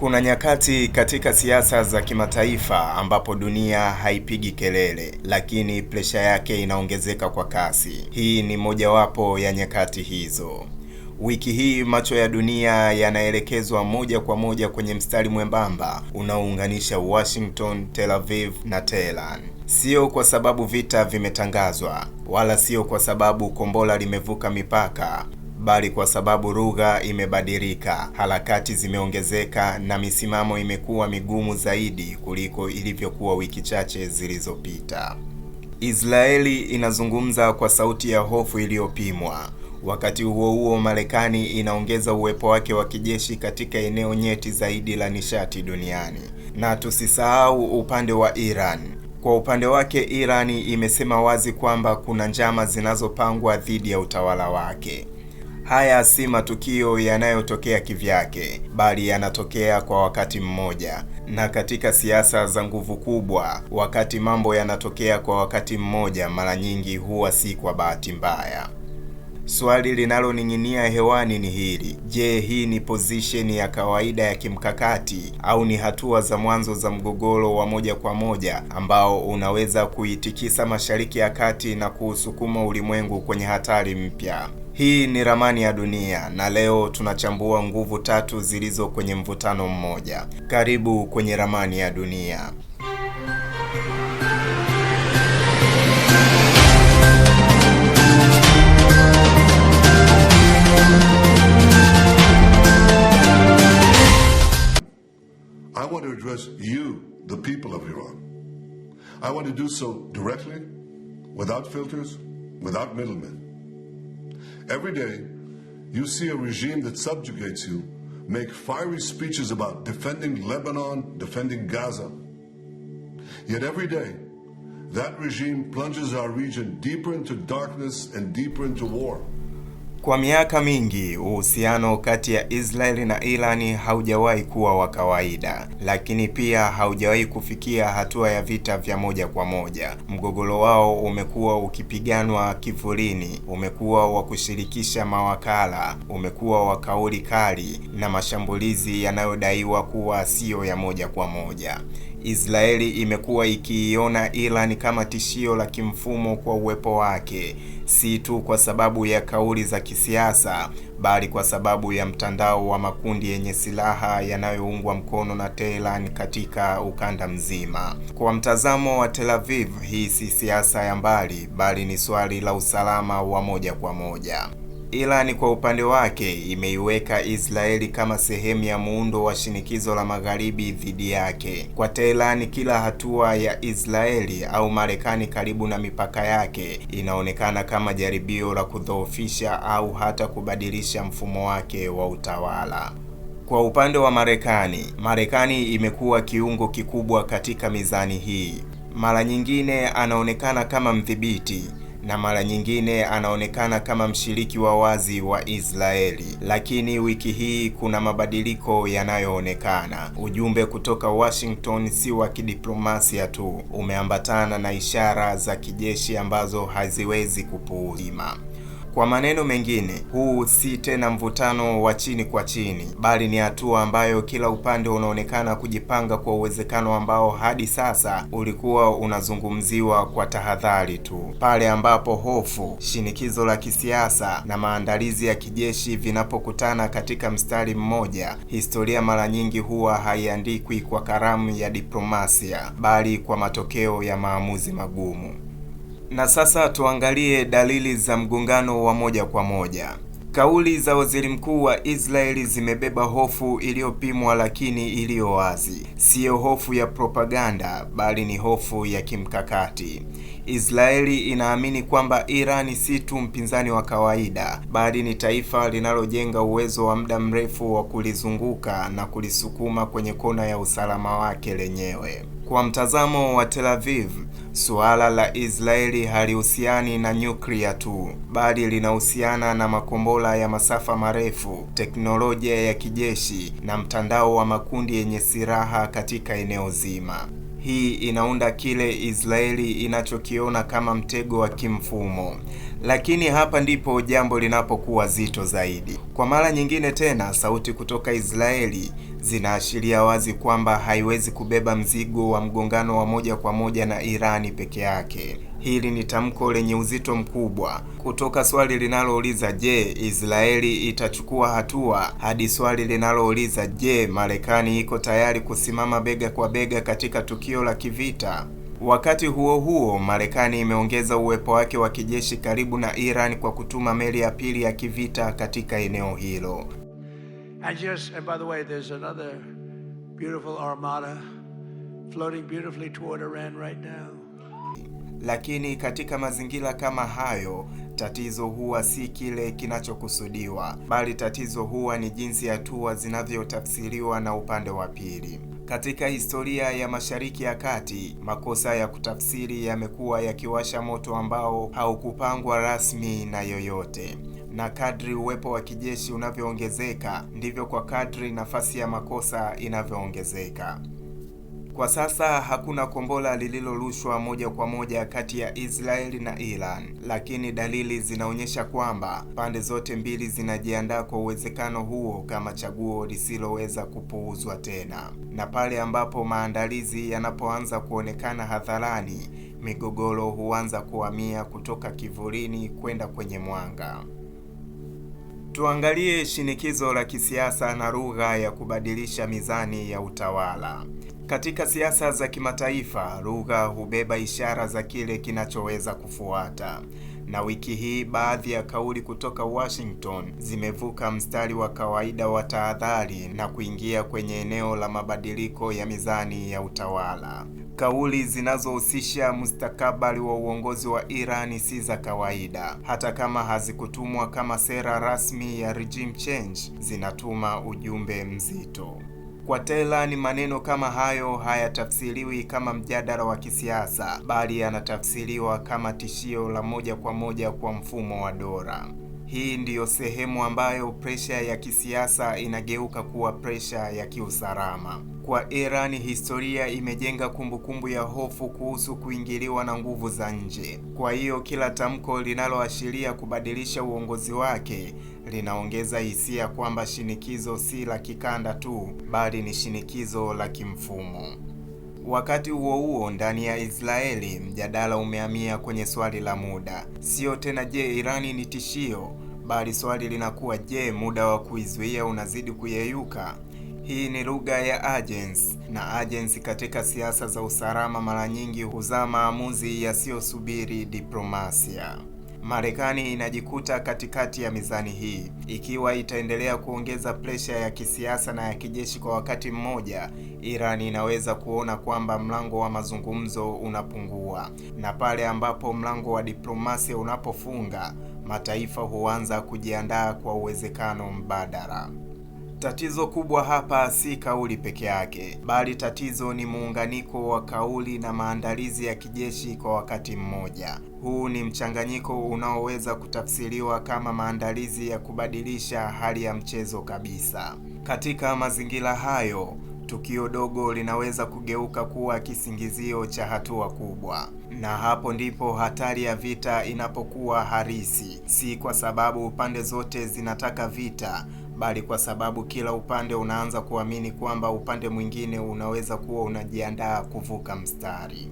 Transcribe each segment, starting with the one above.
Kuna nyakati katika siasa za kimataifa ambapo dunia haipigi kelele, lakini presha yake inaongezeka kwa kasi. Hii ni mojawapo ya nyakati hizo. Wiki hii macho ya dunia yanaelekezwa moja kwa moja kwenye mstari mwembamba unaounganisha Washington, Tel Aviv na Tehran. Sio kwa sababu vita vimetangazwa, wala sio kwa sababu kombora limevuka mipaka, bali kwa sababu lugha imebadilika, harakati zimeongezeka na misimamo imekuwa migumu zaidi kuliko ilivyokuwa wiki chache zilizopita. Israeli inazungumza kwa sauti ya hofu iliyopimwa. Wakati huo huo, Marekani inaongeza uwepo wake wa kijeshi katika eneo nyeti zaidi la nishati duniani. Na tusisahau upande wa Iran. Kwa upande wake, Iran imesema wazi kwamba kuna njama zinazopangwa dhidi ya utawala wake. Haya si matukio yanayotokea kivyake, bali yanatokea kwa wakati mmoja. Na katika siasa za nguvu kubwa, wakati mambo yanatokea kwa wakati mmoja, mara nyingi huwa si kwa bahati mbaya. Swali linaloning'inia hewani ni hili: je, hii ni position ya kawaida ya kimkakati au ni hatua za mwanzo za mgogoro wa moja kwa moja ambao unaweza kuitikisa Mashariki ya Kati na kuusukuma ulimwengu kwenye hatari mpya? Hii ni ramani ya dunia na leo tunachambua nguvu tatu zilizo kwenye mvutano mmoja. Karibu kwenye ramani ya dunia. I want to address you, the people of Iran. I want to do so directly, without filters, without middlemen. Every day, you see a regime that subjugates you make fiery speeches about defending Lebanon, defending Gaza. Yet every day, that regime plunges our region deeper into darkness and deeper into war. Kwa miaka mingi uhusiano kati ya Israeli na Irani haujawahi kuwa wa kawaida, lakini pia haujawahi kufikia hatua ya vita vya moja kwa moja. Mgogoro wao umekuwa ukipiganwa kivulini, umekuwa wa kushirikisha mawakala, umekuwa wa kauli kali na mashambulizi yanayodaiwa kuwa siyo ya moja kwa moja. Israeli imekuwa ikiiona Iran kama tishio la kimfumo kwa uwepo wake, si tu kwa sababu ya kauli za kisiasa, bali kwa sababu ya mtandao wa makundi yenye silaha yanayoungwa mkono na Tehran katika ukanda mzima. Kwa mtazamo wa Tel Aviv, hii si siasa ya mbali, bali ni swali la usalama wa moja kwa moja. Iran kwa upande wake imeiweka Israeli kama sehemu ya muundo wa shinikizo la magharibi dhidi yake. Kwa Tehran, kila hatua ya Israeli au Marekani karibu na mipaka yake inaonekana kama jaribio la kudhoofisha au hata kubadilisha mfumo wake wa utawala. Kwa upande wa Marekani, Marekani imekuwa kiungo kikubwa katika mizani hii. Mara nyingine anaonekana kama mdhibiti na mara nyingine anaonekana kama mshiriki wa wazi wa Israeli. Lakini wiki hii kuna mabadiliko yanayoonekana. Ujumbe kutoka Washington si wa kidiplomasia tu, umeambatana na ishara za kijeshi ambazo haziwezi kupuuzwa. Kwa maneno mengine, huu si tena mvutano wa chini kwa chini, bali ni hatua ambayo kila upande unaonekana kujipanga kwa uwezekano ambao hadi sasa ulikuwa unazungumziwa kwa tahadhari tu, pale ambapo hofu, shinikizo la kisiasa na maandalizi ya kijeshi vinapokutana katika mstari mmoja, historia mara nyingi huwa haiandikwi kwa karamu ya diplomasia, bali kwa matokeo ya maamuzi magumu. Na sasa tuangalie dalili za mgongano wa moja kwa moja. Kauli za waziri mkuu wa Israeli zimebeba hofu iliyopimwa lakini iliyo wazi. Siyo hofu ya propaganda, bali ni hofu ya kimkakati. Israeli inaamini kwamba Irani si tu mpinzani wa kawaida, bali ni taifa linalojenga uwezo wa muda mrefu wa kulizunguka na kulisukuma kwenye kona ya usalama wake lenyewe. Kwa mtazamo wa Tel Aviv, suala la Israeli halihusiani na nyuklia tu, bali linahusiana na makombora ya masafa marefu, teknolojia ya kijeshi na mtandao wa makundi yenye silaha katika eneo zima. Hii inaunda kile Israeli inachokiona kama mtego wa kimfumo. Lakini hapa ndipo jambo linapokuwa zito zaidi. Kwa mara nyingine tena, sauti kutoka Israeli zinaashiria wazi kwamba haiwezi kubeba mzigo wa mgongano wa moja kwa moja na Irani peke yake. Hili ni tamko lenye uzito mkubwa, kutoka swali linalouliza je, Israeli itachukua hatua hadi swali linalouliza je, Marekani iko tayari kusimama bega kwa bega katika tukio la kivita. Wakati huo huo, Marekani imeongeza uwepo wake wa kijeshi karibu na Iran kwa kutuma meli ya pili ya kivita katika eneo hilo. And just, and by the way, there's another beautiful armada floating beautifully toward Iran right now. Lakini katika mazingira kama hayo, tatizo huwa si kile kinachokusudiwa, bali tatizo huwa ni jinsi hatua zinavyotafsiriwa na upande wa pili. Katika historia ya Mashariki ya Kati, makosa ya kutafsiri yamekuwa yakiwasha moto ambao haukupangwa rasmi na yoyote na kadri uwepo wa kijeshi unavyoongezeka ndivyo kwa kadri nafasi ya makosa inavyoongezeka. Kwa sasa hakuna kombora lililorushwa moja kwa moja kati ya Israeli na Iran, lakini dalili zinaonyesha kwamba pande zote mbili zinajiandaa kwa uwezekano huo kama chaguo lisiloweza kupuuzwa tena. Na pale ambapo maandalizi yanapoanza kuonekana hadharani, migogoro huanza kuhamia kutoka kivulini kwenda kwenye mwanga. Tuangalie shinikizo la kisiasa na lugha ya kubadilisha mizani ya utawala. Katika siasa za kimataifa, lugha hubeba ishara za kile kinachoweza kufuata na wiki hii baadhi ya kauli kutoka Washington zimevuka mstari wa kawaida wa tahadhari na kuingia kwenye eneo la mabadiliko ya mizani ya utawala. Kauli zinazohusisha mustakabali wa uongozi wa Iran si za kawaida. Hata kama hazikutumwa kama sera rasmi ya regime change, zinatuma ujumbe mzito. Kwa ni maneno kama hayo hayatafsiriwi kama mjadala wa kisiasa, bali yanatafsiriwa kama tishio la moja kwa moja kwa mfumo wa dola. Hii ndiyo sehemu ambayo presha ya kisiasa inageuka kuwa presha ya kiusalama. Kwa Iran, historia imejenga kumbukumbu ya hofu kuhusu kuingiliwa na nguvu za nje. Kwa hiyo kila tamko linaloashiria kubadilisha uongozi wake linaongeza hisia kwamba shinikizo si la kikanda tu, bali ni shinikizo la kimfumo. Wakati huo huo, ndani ya Israeli mjadala umehamia kwenye swali la muda, sio tena je, Irani ni tishio, bali swali linakuwa je, muda wa kuizuia unazidi kuyeyuka? Hii ni lugha ya agents, na agents katika siasa za usalama mara nyingi huzaa maamuzi yasiyosubiri diplomasia. Marekani inajikuta katikati ya mizani hii ikiwa itaendelea kuongeza presha ya kisiasa na ya kijeshi kwa wakati mmoja. Iran inaweza kuona kwamba mlango wa mazungumzo unapungua, na pale ambapo mlango wa diplomasia unapofunga, mataifa huanza kujiandaa kwa uwezekano mbadala. Tatizo kubwa hapa si kauli peke yake, bali tatizo ni muunganiko wa kauli na maandalizi ya kijeshi kwa wakati mmoja. Huu ni mchanganyiko unaoweza kutafsiriwa kama maandalizi ya kubadilisha hali ya mchezo kabisa. Katika mazingira hayo, tukio dogo linaweza kugeuka kuwa kisingizio cha hatua kubwa, na hapo ndipo hatari ya vita inapokuwa halisi, si kwa sababu pande zote zinataka vita bali kwa sababu kila upande unaanza kuamini kwamba upande mwingine unaweza kuwa unajiandaa kuvuka mstari.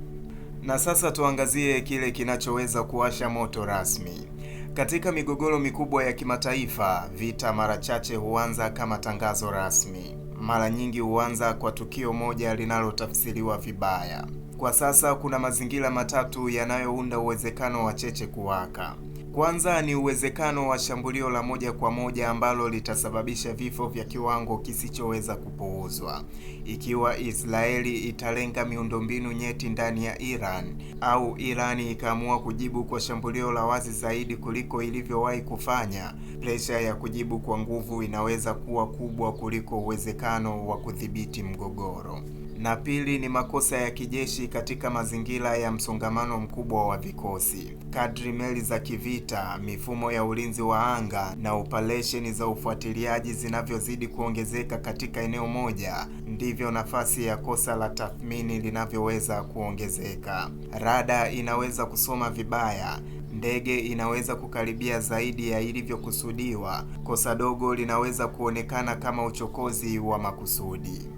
Na sasa tuangazie kile kinachoweza kuwasha moto rasmi. Katika migogoro mikubwa ya kimataifa, vita mara chache huanza kama tangazo rasmi. Mara nyingi huanza kwa tukio moja linalotafsiriwa vibaya. Kwa sasa kuna mazingira matatu yanayounda uwezekano wa cheche kuwaka. Kwanza ni uwezekano wa shambulio la moja kwa moja ambalo litasababisha vifo vya kiwango kisichoweza kupuuzwa. Ikiwa Israeli italenga miundombinu nyeti ndani ya Iran au iran ikaamua kujibu kwa shambulio la wazi zaidi kuliko ilivyowahi kufanya, presha ya kujibu kwa nguvu inaweza kuwa kubwa kuliko uwezekano wa kudhibiti mgogoro na pili ni makosa ya kijeshi katika mazingira ya msongamano mkubwa wa vikosi. Kadri meli za kivita, mifumo ya ulinzi wa anga na operesheni za ufuatiliaji zinavyozidi kuongezeka katika eneo moja, ndivyo nafasi ya kosa la tathmini linavyoweza kuongezeka. Rada inaweza kusoma vibaya ndege inaweza kukaribia zaidi ya ilivyokusudiwa. Kosa dogo linaweza kuonekana kama uchokozi wa makusudi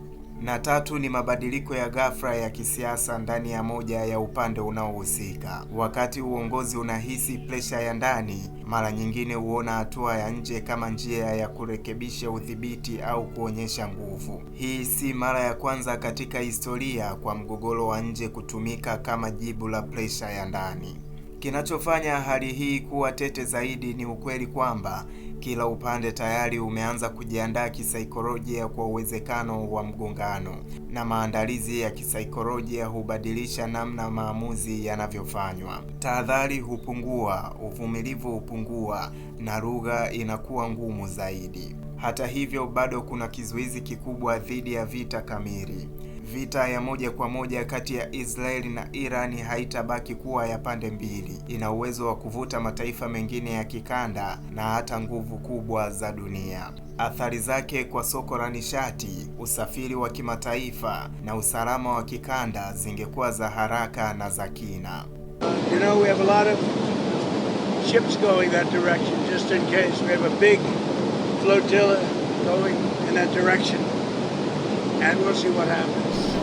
na tatu ni mabadiliko ya ghafla ya kisiasa ndani ya moja ya upande unaohusika. Wakati uongozi unahisi presha ya ndani, mara nyingine huona hatua ya nje kama njia ya kurekebisha udhibiti au kuonyesha nguvu. Hii si mara ya kwanza katika historia kwa mgogoro wa nje kutumika kama jibu la presha ya ndani. Kinachofanya hali hii kuwa tete zaidi ni ukweli kwamba kila upande tayari umeanza kujiandaa kisaikolojia kwa uwezekano wa mgongano, na maandalizi ya kisaikolojia hubadilisha namna maamuzi yanavyofanywa. Tahadhari hupungua, uvumilivu hupungua, na lugha inakuwa ngumu zaidi. Hata hivyo, bado kuna kizuizi kikubwa dhidi ya vita kamili. Vita ya moja kwa moja kati ya Israeli na Irani haitabaki kuwa ya pande mbili. Ina uwezo wa kuvuta mataifa mengine ya kikanda na hata nguvu kubwa za dunia. Athari zake kwa soko la nishati, usafiri wa kimataifa na usalama wa kikanda zingekuwa za haraka na za kina. You know, we have a lot of ships going that direction just in case we have a big flotilla going in that direction and we'll see what happens.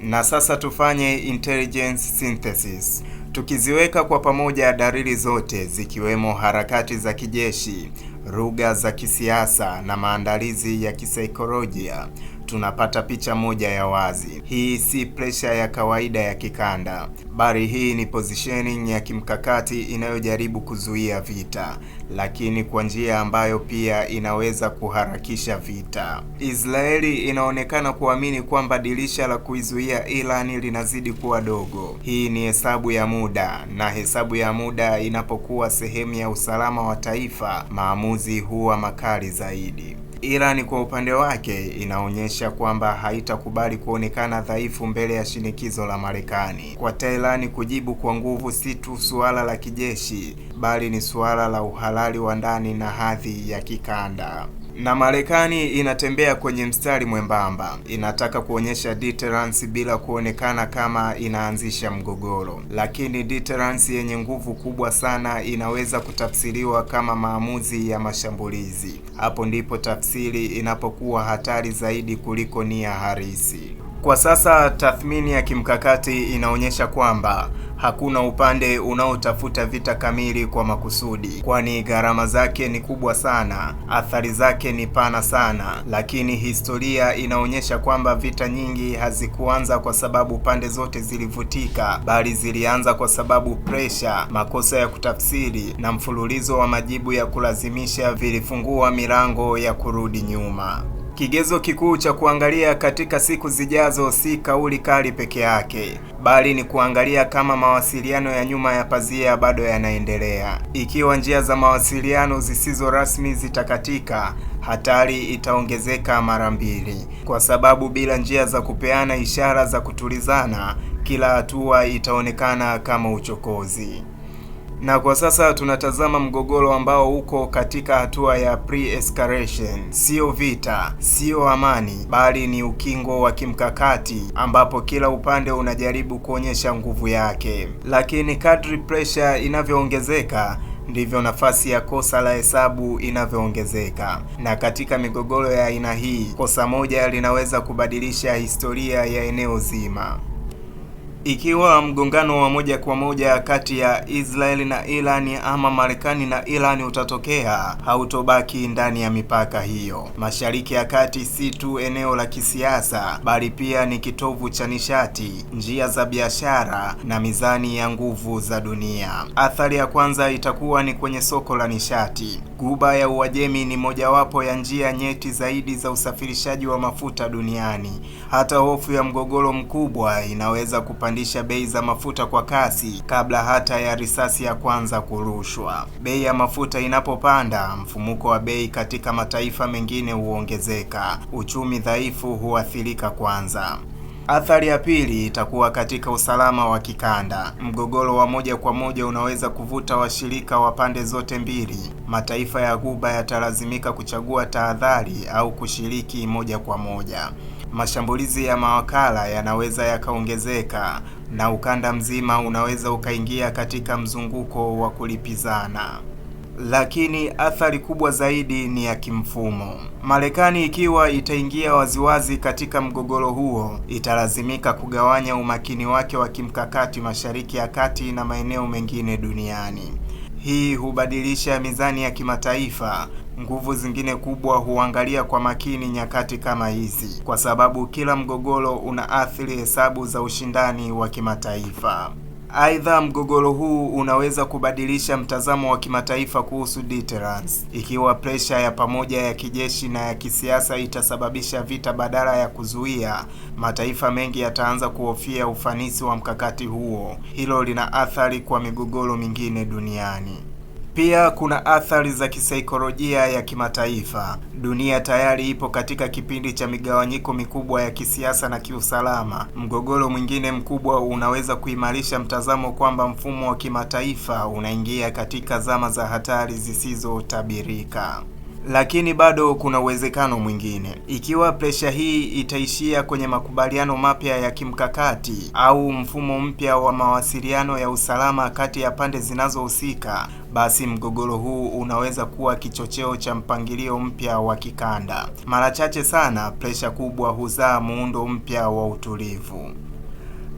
Na sasa tufanye intelligence synthesis tukiziweka kwa pamoja dalili zote zikiwemo harakati za kijeshi, lugha za kisiasa na maandalizi ya kisaikolojia tunapata picha moja ya wazi. Hii si presha ya kawaida ya kikanda, bali hii ni positioning ya kimkakati inayojaribu kuzuia vita, lakini kwa njia ambayo pia inaweza kuharakisha vita. Israeli inaonekana kuamini kwamba dirisha la kuizuia Iran linazidi kuwa dogo. Hii ni hesabu ya muda, na hesabu ya muda inapokuwa sehemu ya usalama wa taifa, maamuzi huwa makali zaidi. Iran kwa upande wake inaonyesha kwamba haitakubali kuonekana dhaifu mbele ya shinikizo la Marekani. Kwa Tehran kujibu kwa nguvu si tu suala la kijeshi, bali ni suala la uhalali wa ndani na hadhi ya kikanda. Na Marekani inatembea kwenye mstari mwembamba, inataka kuonyesha deterrence bila kuonekana kama inaanzisha mgogoro, lakini deterrence yenye nguvu kubwa sana inaweza kutafsiriwa kama maamuzi ya mashambulizi. Hapo ndipo tafsiri inapokuwa hatari zaidi kuliko nia halisi. Kwa sasa tathmini ya kimkakati inaonyesha kwamba hakuna upande unaotafuta vita kamili kwa makusudi, kwani gharama zake ni kubwa sana, athari zake ni pana sana. Lakini historia inaonyesha kwamba vita nyingi hazikuanza kwa sababu pande zote zilivutika, bali zilianza kwa sababu presha, makosa ya kutafsiri na mfululizo wa majibu ya kulazimisha vilifungua milango ya kurudi nyuma. Kigezo kikuu cha kuangalia katika siku zijazo si kauli kali peke yake, bali ni kuangalia kama mawasiliano ya nyuma ya pazia bado yanaendelea. Ikiwa njia za mawasiliano zisizo rasmi zitakatika, hatari itaongezeka mara mbili, kwa sababu bila njia za kupeana ishara za kutulizana, kila hatua itaonekana kama uchokozi na kwa sasa tunatazama mgogoro ambao uko katika hatua ya pre-escalation. sio vita, sio amani, bali ni ukingo wa kimkakati ambapo kila upande unajaribu kuonyesha nguvu yake, lakini kadri pressure inavyoongezeka ndivyo nafasi ya kosa la hesabu inavyoongezeka. Na katika migogoro ya aina hii, kosa moja linaweza kubadilisha historia ya eneo zima. Ikiwa mgongano wa moja kwa moja kati ya Israeli na Irani ama Marekani na Irani utatokea, hautobaki ndani ya mipaka hiyo. Mashariki ya Kati si tu eneo la kisiasa, bali pia ni kitovu cha nishati, njia za biashara na mizani ya nguvu za dunia. Athari ya kwanza itakuwa ni kwenye soko la nishati guba ya Uajemi ni mojawapo ya njia nyeti zaidi za usafirishaji wa mafuta duniani. Hata hofu ya mgogoro mkubwa inaweza kupandisha bei za mafuta kwa kasi kabla hata ya risasi ya kwanza kurushwa. Bei ya mafuta inapopanda, mfumuko wa bei katika mataifa mengine huongezeka. Uchumi dhaifu huathirika kwanza. Athari ya pili itakuwa katika usalama wa kikanda. Mgogoro wa moja kwa moja unaweza kuvuta washirika wa pande zote mbili. Mataifa ya Ghuba yatalazimika kuchagua tahadhari au kushiriki moja kwa moja. Mashambulizi ya mawakala yanaweza yakaongezeka na ukanda mzima unaweza ukaingia katika mzunguko wa kulipizana lakini athari kubwa zaidi ni ya kimfumo. Marekani ikiwa itaingia waziwazi katika mgogoro huo, italazimika kugawanya umakini wake wa kimkakati Mashariki ya Kati na maeneo mengine duniani. Hii hubadilisha mizani ya kimataifa. Nguvu zingine kubwa huangalia kwa makini nyakati kama hizi, kwa sababu kila mgogoro unaathiri hesabu za ushindani wa kimataifa. Aidha, mgogoro huu unaweza kubadilisha mtazamo wa kimataifa kuhusu deterrence. Ikiwa presha ya pamoja ya kijeshi na ya kisiasa itasababisha vita badala ya kuzuia, mataifa mengi yataanza kuhofia ufanisi wa mkakati huo. Hilo lina athari kwa migogoro mingine duniani. Pia kuna athari za kisaikolojia ya kimataifa. Dunia tayari ipo katika kipindi cha migawanyiko mikubwa ya kisiasa na kiusalama. Mgogoro mwingine mkubwa unaweza kuimarisha mtazamo kwamba mfumo wa kimataifa unaingia katika zama za hatari zisizotabirika lakini bado kuna uwezekano mwingine. Ikiwa presha hii itaishia kwenye makubaliano mapya ya kimkakati au mfumo mpya wa mawasiliano ya usalama kati ya pande zinazohusika, basi mgogoro huu unaweza kuwa kichocheo cha mpangilio mpya wa kikanda. Mara chache sana, presha kubwa huzaa muundo mpya wa utulivu.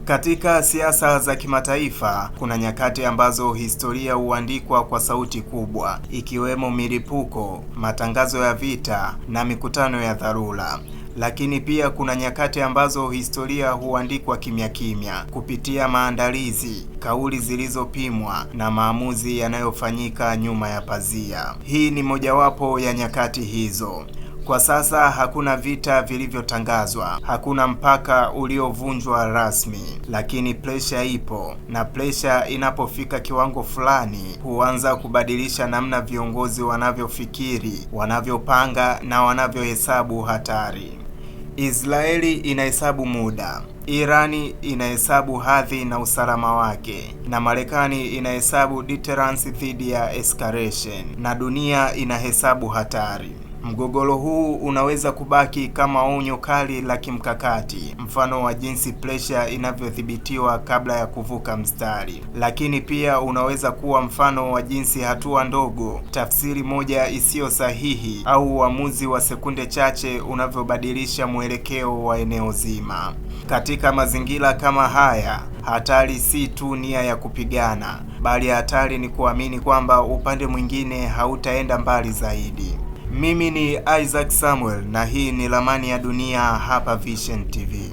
Katika siasa za kimataifa kuna nyakati ambazo historia huandikwa kwa sauti kubwa, ikiwemo milipuko, matangazo ya vita na mikutano ya dharura. Lakini pia kuna nyakati ambazo historia huandikwa kimya kimya kupitia maandalizi, kauli zilizopimwa na maamuzi yanayofanyika nyuma ya pazia. Hii ni mojawapo ya nyakati hizo. Kwa sasa hakuna vita vilivyotangazwa, hakuna mpaka uliovunjwa rasmi, lakini presha ipo, na presha inapofika kiwango fulani huanza kubadilisha namna viongozi wanavyofikiri, wanavyopanga na wanavyohesabu hatari. Israeli inahesabu muda, Irani inahesabu hadhi na usalama wake, na Marekani inahesabu deterrence dhidi ya escalation, na dunia inahesabu hatari. Mgogoro huu unaweza kubaki kama onyo kali la kimkakati, mfano wa jinsi presha inavyodhibitiwa kabla ya kuvuka mstari, lakini pia unaweza kuwa mfano wa jinsi hatua ndogo, tafsiri moja isiyo sahihi, au uamuzi wa sekunde chache unavyobadilisha mwelekeo wa eneo zima. Katika mazingira kama haya, hatari si tu nia ya kupigana, bali hatari ni kuamini kwamba upande mwingine hautaenda mbali zaidi. Mimi ni Isaac Samuel na hii ni Ramani ya Dunia hapa Vision TV.